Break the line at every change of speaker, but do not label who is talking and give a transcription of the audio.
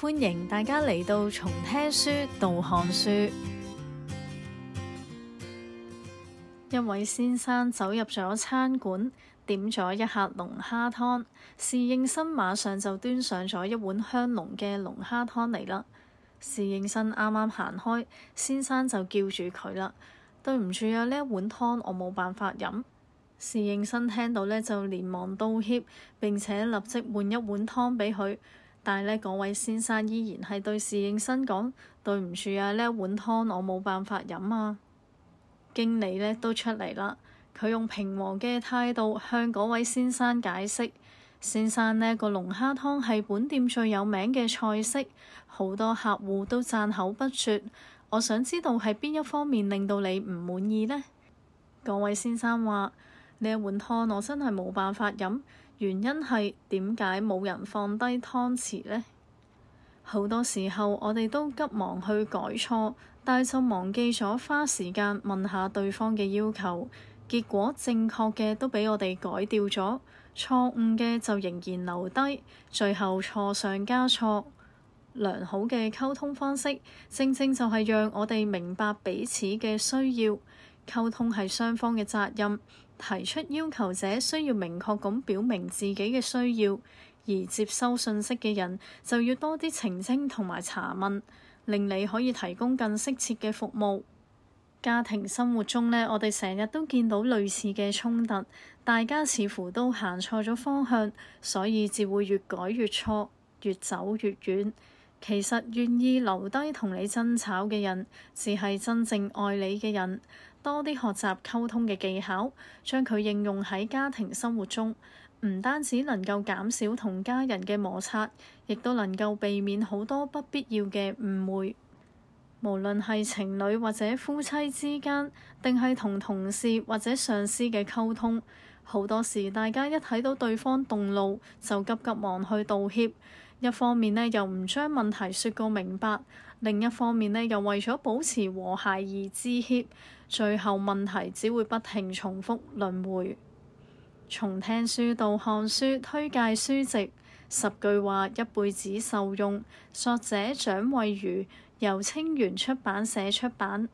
歡迎大家嚟到從聽書到看書。一位先生走入咗餐館，點咗一客龍蝦湯，侍應生馬上就端上咗一碗香濃嘅龍蝦湯嚟啦。侍應生啱啱行開，先生就叫住佢啦，對唔住啊，呢一碗湯我冇辦法飲。侍應生聽到呢，就連忙道歉，並且立即換一碗湯俾佢。但係呢，嗰位先生依然係對侍應生講：對唔住啊，呢一碗湯我冇辦法飲啊！經理呢都出嚟啦，佢用平和嘅態度向嗰位先生解釋：先生呢個龍蝦湯係本店最有名嘅菜式，好多客戶都讚口不絕。我想知道係邊一方面令到你唔滿意呢？嗰位先生話：呢一碗湯我真係冇辦法飲。原因係點解冇人放低湯匙呢？好多時候我哋都急忙去改錯，但就忘記咗花時間問下對方嘅要求。結果正確嘅都俾我哋改掉咗，錯誤嘅就仍然留低，最後錯上加錯。良好嘅溝通方式，正正就係讓我哋明白彼此嘅需要。溝通係雙方嘅責任，提出要求者需要明確咁表明自己嘅需要，而接收信息嘅人就要多啲澄清同埋查問，令你可以提供更適切嘅服務。家庭生活中呢，我哋成日都見到類似嘅衝突，大家似乎都行錯咗方向，所以只會越改越錯，越走越遠。其實願意留低同你爭吵嘅人，只係真正愛你嘅人。多啲學習溝通嘅技巧，將佢應用喺家庭生活中，唔單止能夠減少同家人嘅摩擦，亦都能夠避免好多不必要嘅誤會。無論係情侶或者夫妻之間，定係同同事或者上司嘅溝通，好多時大家一睇到對方動怒，就急急忙去道歉。一方面咧又唔將問題説個明白，另一方面咧又為咗保持和諧而致歉，最後問題只會不停重複輪迴。從聽書到看書，推介書籍十句話，一輩子受用。作者：蔣慧如，由清源出版社出版。